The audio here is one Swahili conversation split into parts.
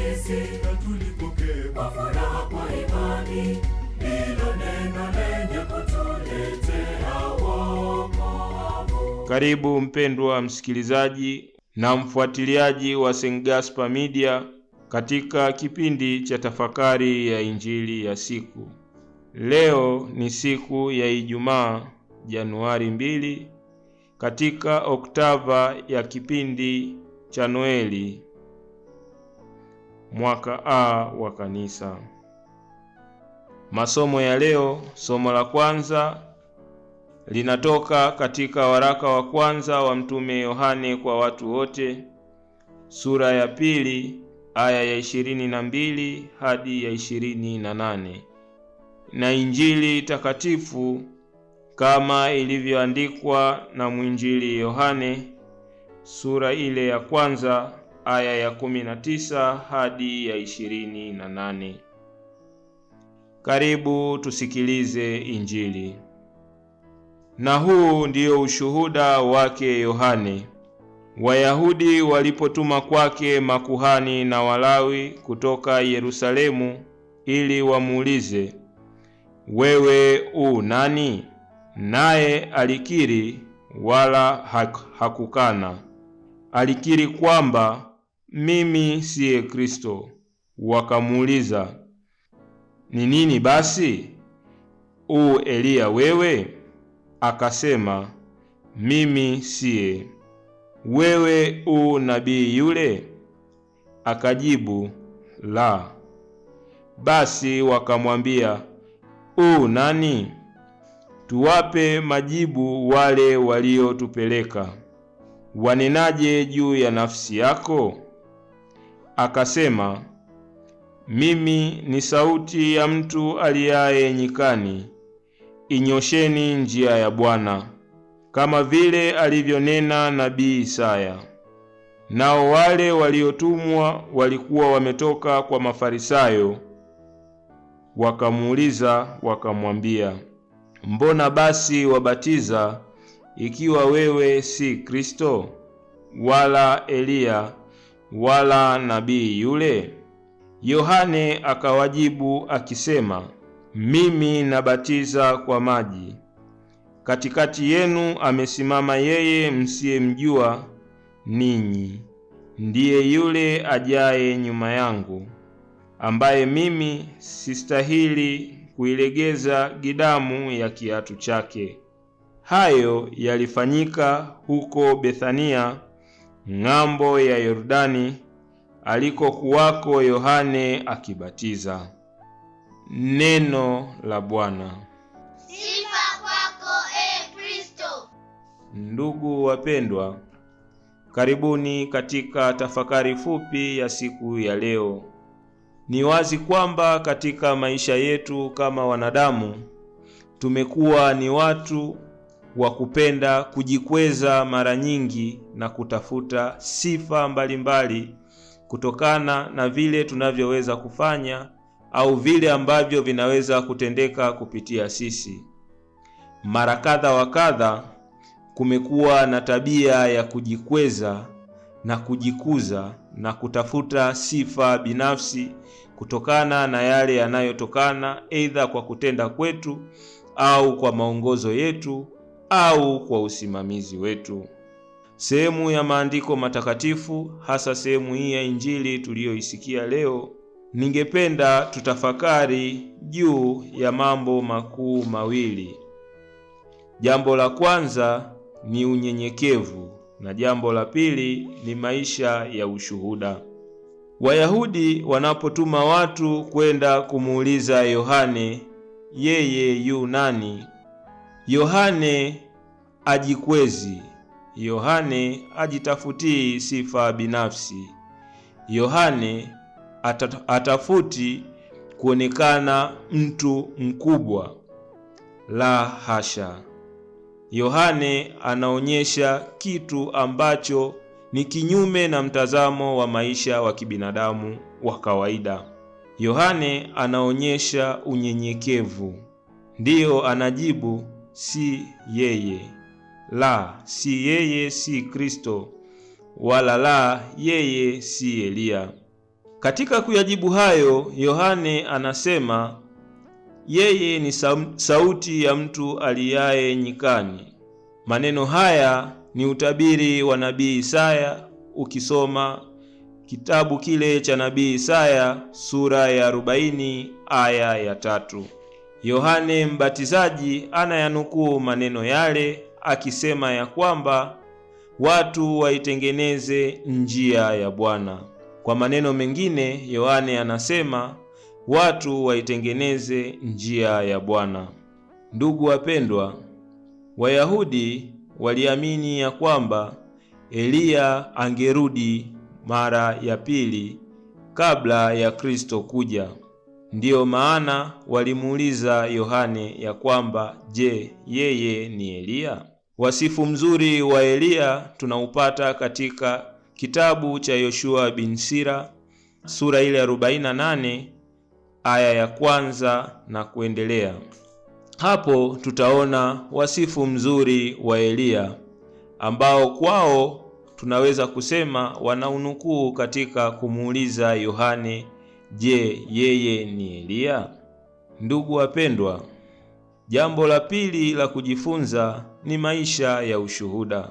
sisi na tulipokee kwa furaha kwa imani hilo neno lenye kutuletea wokovu. Karibu mpendwa msikilizaji na mfuatiliaji wa St. Gaspar Media katika kipindi cha tafakari ya injili ya siku. Leo ni siku ya Ijumaa, Januari mbili, katika oktava ya kipindi cha Noeli mwaka A wa kanisa. Masomo ya leo, somo la kwanza linatoka katika waraka wa kwanza wa mtume Yohane kwa watu wote, sura ya pili aya ya ishirini na mbili hadi ya ishirini na nane na Injili takatifu kama ilivyoandikwa na mwinjili Yohane sura ile ya kwanza aya ya 19 hadi ya 28. Na Karibu tusikilize Injili. Na huu ndiyo ushuhuda wake Yohane. Wayahudi walipotuma kwake makuhani na Walawi kutoka Yerusalemu ili wamuulize, wewe u nani? Naye alikiri wala hak hakukana. Alikiri kwamba mimi siye Kristo. Wakamuuliza, ni nini basi u Eliya wewe? Akasema, mimi siye. Wewe u nabii yule? Akajibu, la. Basi wakamwambia, u nani? Tuwape majibu wale waliotupeleka. Wanenaje juu ya nafsi yako? akasema, mimi ni sauti ya mtu aliyaye nyikani, inyosheni njia ya Bwana, kama vile alivyonena nabii Isaya. Nao wale waliotumwa walikuwa wametoka kwa Mafarisayo, wakamuuliza wakamwambia, mbona basi wabatiza ikiwa wewe si Kristo wala Eliya wala nabii yule? Yohane akawajibu akisema, mimi nabatiza kwa maji, katikati yenu amesimama yeye msiyemjua ninyi, ndiye yule ajaye nyuma yangu, ambaye mimi sistahili kuilegeza gidamu ya kiatu chake. Hayo yalifanyika huko Bethania ng'ambo ya Yordani alikokuwako Yohane akibatiza. Neno la Bwana. Sifa kwako e Kristo. Ndugu wapendwa, karibuni katika tafakari fupi ya siku ya leo. Ni wazi kwamba katika maisha yetu kama wanadamu tumekuwa ni watu wa kupenda kujikweza mara nyingi na kutafuta sifa mbalimbali mbali, kutokana na vile tunavyoweza kufanya au vile ambavyo vinaweza kutendeka kupitia sisi. Mara kadha wa kadha kumekuwa na tabia ya kujikweza na kujikuza na kutafuta sifa binafsi kutokana na yale yanayotokana aidha kwa kutenda kwetu au kwa maongozo yetu au kwa usimamizi wetu. Sehemu ya maandiko matakatifu, hasa sehemu hii ya Injili tuliyoisikia leo, ningependa tutafakari juu ya mambo makuu mawili. Jambo la kwanza ni unyenyekevu na jambo la pili ni maisha ya ushuhuda. Wayahudi wanapotuma watu kwenda kumuuliza Yohane, yeye yu nani? Yohane ajikwezi, Yohane ajitafutii sifa binafsi, Yohane atafuti kuonekana mtu mkubwa. La hasha! Yohane anaonyesha kitu ambacho ni kinyume na mtazamo wa maisha wa kibinadamu wa kawaida. Yohane anaonyesha unyenyekevu, ndiyo anajibu si yeye, la si yeye si Kristo, wala la yeye si Eliya. Katika kuyajibu hayo, Yohane anasema yeye ni sauti ya mtu aliyaye nyikani. Maneno haya ni utabiri wa nabii Isaya. Ukisoma kitabu kile cha nabii Isaya sura ya 40 aya ya tatu. Yohane Mbatizaji anayanukuu maneno yale akisema ya kwamba watu waitengeneze njia ya Bwana. Kwa maneno mengine, Yohane anasema watu waitengeneze njia ya Bwana. Ndugu wapendwa, Wayahudi waliamini ya kwamba Eliya angerudi mara ya pili kabla ya Kristo kuja. Ndiyo maana walimuuliza Yohane ya kwamba, je, yeye ni Eliya? Wasifu mzuri wa Eliya tunaupata katika kitabu cha Yoshua bin Sira sura ile 48 aya ya kwanza na kuendelea. Hapo tutaona wasifu mzuri wa Eliya ambao kwao tunaweza kusema wanaunukuu katika kumuuliza Yohane Je, yeye ni Eliya? Ndugu wapendwa, jambo la pili la kujifunza ni maisha ya ushuhuda.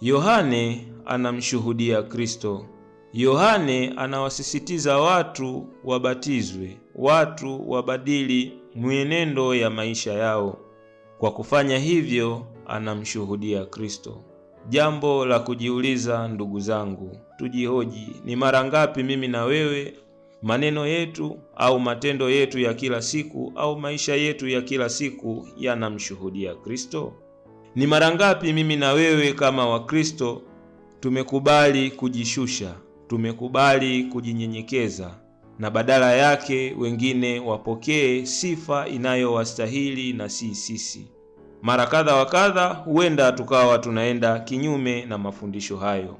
Yohane anamshuhudia Kristo. Yohane anawasisitiza watu wabatizwe, watu wabadili mwenendo ya maisha yao. Kwa kufanya hivyo, anamshuhudia Kristo. Jambo la kujiuliza, ndugu zangu, tujihoji, ni mara ngapi mimi na wewe maneno yetu au matendo yetu ya kila siku au maisha yetu ya kila siku yanamshuhudia Kristo? Ni mara ngapi mimi na wewe kama Wakristo tumekubali kujishusha, tumekubali kujinyenyekeza na badala yake wengine wapokee sifa inayowastahili na si sisi. Mara kadha wa kadha, huenda tukawa tunaenda kinyume na mafundisho hayo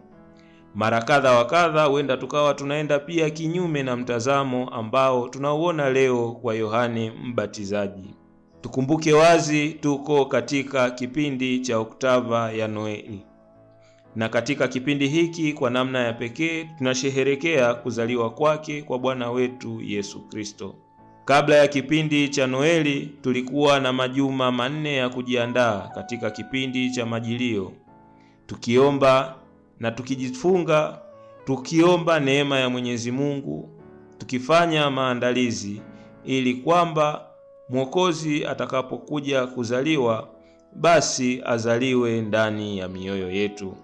mara kadha wa kadha, huenda tukawa tunaenda pia kinyume na mtazamo ambao tunauona leo kwa Yohane Mbatizaji. Tukumbuke wazi tuko katika kipindi cha oktava ya Noeli, na katika kipindi hiki kwa namna ya pekee tunasherehekea kuzaliwa kwake kwa Bwana wetu Yesu Kristo. Kabla ya kipindi cha Noeli tulikuwa na majuma manne ya kujiandaa katika kipindi cha Majilio, tukiomba na tukijifunga, tukiomba neema ya Mwenyezi Mungu, tukifanya maandalizi ili kwamba Mwokozi atakapokuja kuzaliwa basi azaliwe ndani ya mioyo yetu,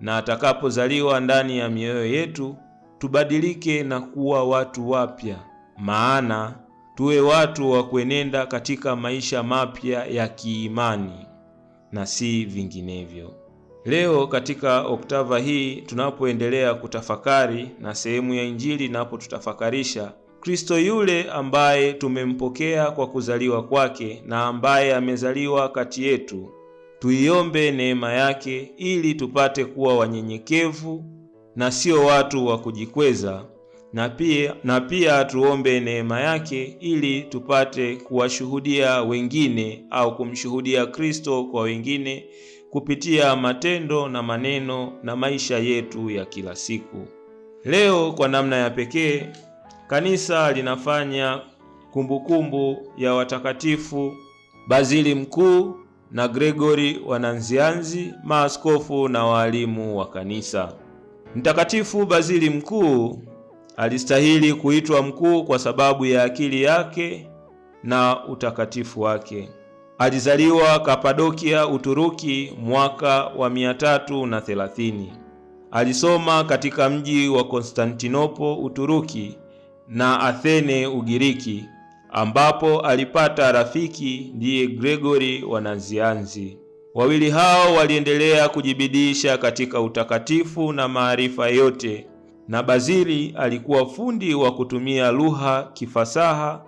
na atakapozaliwa ndani ya mioyo yetu tubadilike na kuwa watu wapya, maana tuwe watu wa kuenenda katika maisha mapya ya kiimani na si vinginevyo. Leo katika oktava hii tunapoendelea kutafakari na sehemu ya Injili tutafakarisha Kristo yule ambaye tumempokea kwa kuzaliwa kwake na ambaye amezaliwa kati yetu, tuiombe neema yake ili tupate kuwa wanyenyekevu na sio watu wa kujikweza, na pia, na pia tuombe neema yake ili tupate kuwashuhudia wengine au kumshuhudia Kristo kwa wengine kupitia matendo na maneno na maisha yetu ya kila siku. Leo kwa namna ya pekee kanisa linafanya kumbukumbu kumbu ya watakatifu Bazili Mkuu na Gregori wananzianzi, maaskofu na waalimu wa kanisa. Mtakatifu Bazili Mkuu alistahili kuitwa mkuu kwa sababu ya akili yake na utakatifu wake. Alizaliwa Kapadokia, Uturuki mwaka wa 330. Alisoma katika mji wa Konstantinopo, Uturuki na Athene, Ugiriki ambapo alipata rafiki ndiye Gregori wa Nazianzi. Wawili hao waliendelea kujibidisha katika utakatifu na maarifa yote, na Bazili alikuwa fundi wa kutumia lugha kifasaha,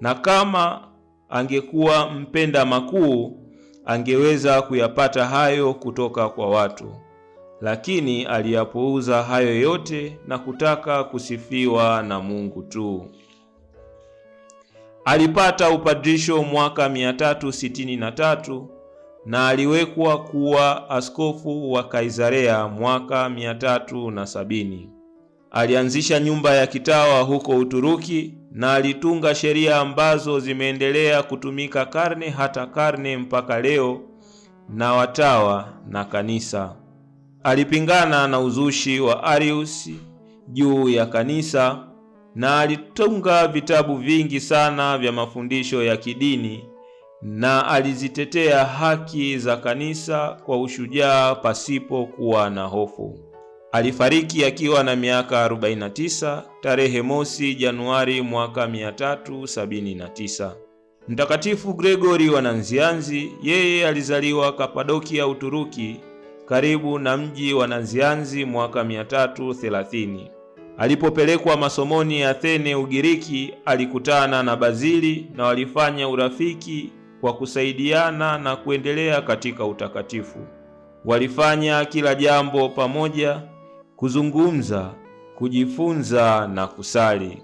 na kama angekuwa mpenda makuu, angeweza kuyapata hayo kutoka kwa watu, lakini aliyapuuza hayo yote na kutaka kusifiwa na Mungu tu. Alipata upadrisho mwaka 363 na aliwekwa kuwa askofu wa Kaisarea mwaka 370 alianzisha nyumba ya kitawa huko Uturuki na alitunga sheria ambazo zimeendelea kutumika karne hata karne mpaka leo na watawa na kanisa. Alipingana na uzushi wa Arius juu ya kanisa na alitunga vitabu vingi sana vya mafundisho ya kidini na alizitetea haki za kanisa kwa ushujaa pasipo kuwa na hofu. Alifariki akiwa na miaka 49 tarehe mosi Januari mwaka 379. Mtakatifu Gregori wa Nanzianzi yeye alizaliwa Kapadokia, Uturuki, karibu na mji wa Nanzianzi mwaka 330. Alipopelekwa masomoni Athene, Ugiriki, alikutana na Bazili na walifanya urafiki kwa kusaidiana na kuendelea katika utakatifu. Walifanya kila jambo pamoja kuzungumza, kujifunza na kusali.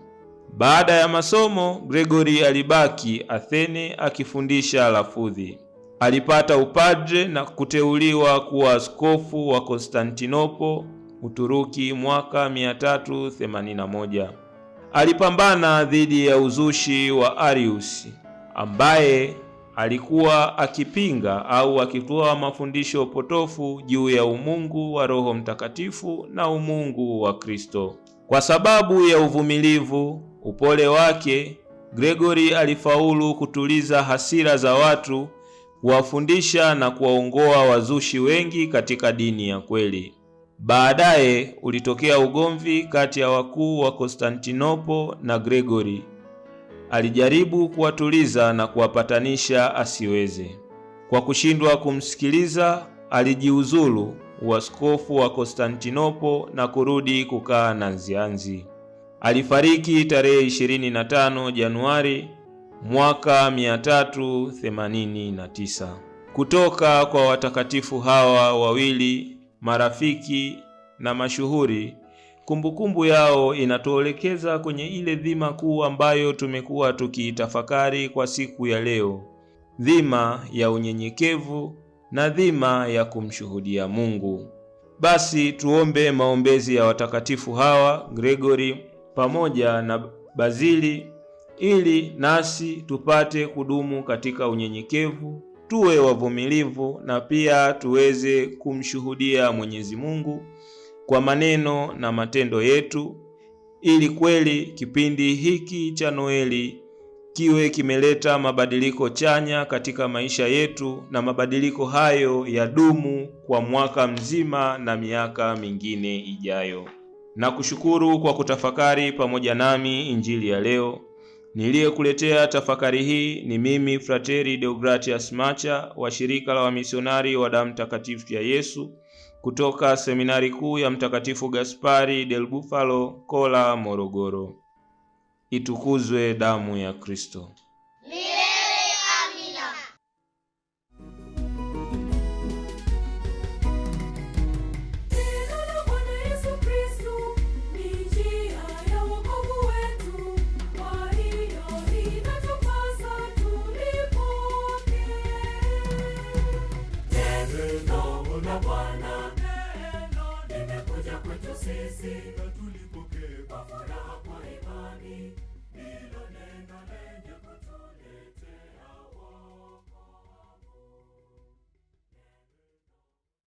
Baada ya masomo, Gregori alibaki Athene akifundisha lafudhi. Alipata upadre na kuteuliwa kuwa askofu wa Konstantinopo, Uturuki mwaka 381. Alipambana dhidi ya uzushi wa Arius ambaye alikuwa akipinga au akitoa mafundisho potofu juu ya umungu wa Roho Mtakatifu na umungu wa Kristo. Kwa sababu ya uvumilivu, upole wake, Gregori alifaulu kutuliza hasira za watu, kuwafundisha na kuwaongoa wazushi wengi katika dini ya kweli. Baadaye ulitokea ugomvi kati ya wakuu wa Konstantinopo na Gregori alijaribu kuwatuliza na kuwapatanisha, asiweze. Kwa kushindwa kumsikiliza, alijiuzulu uaskofu wa Konstantinopo na kurudi kukaa Nazianzi. Alifariki tarehe 25 Januari mwaka 389. Kutoka kwa watakatifu hawa wawili marafiki na mashuhuri kumbukumbu yao inatuelekeza kwenye ile dhima kuu ambayo tumekuwa tukiitafakari kwa siku ya leo, dhima ya unyenyekevu na dhima ya kumshuhudia Mungu. Basi tuombe maombezi ya watakatifu hawa gregory pamoja na Bazili ili nasi tupate kudumu katika unyenyekevu, tuwe wavumilivu na pia tuweze kumshuhudia Mwenyezi Mungu kwa maneno na matendo yetu, ili kweli kipindi hiki cha Noeli kiwe kimeleta mabadiliko chanya katika maisha yetu, na mabadiliko hayo yadumu kwa mwaka mzima na miaka mingine ijayo. Na kushukuru kwa kutafakari pamoja nami injili ya leo. Niliyekuletea tafakari hii ni mimi Frateri Deogratias Macha wa shirika la wamisionari wa damu takatifu ya Yesu kutoka Seminari Kuu ya Mtakatifu Gaspari del Bufalo, Kola, Morogoro. Itukuzwe Damu ya Kristo!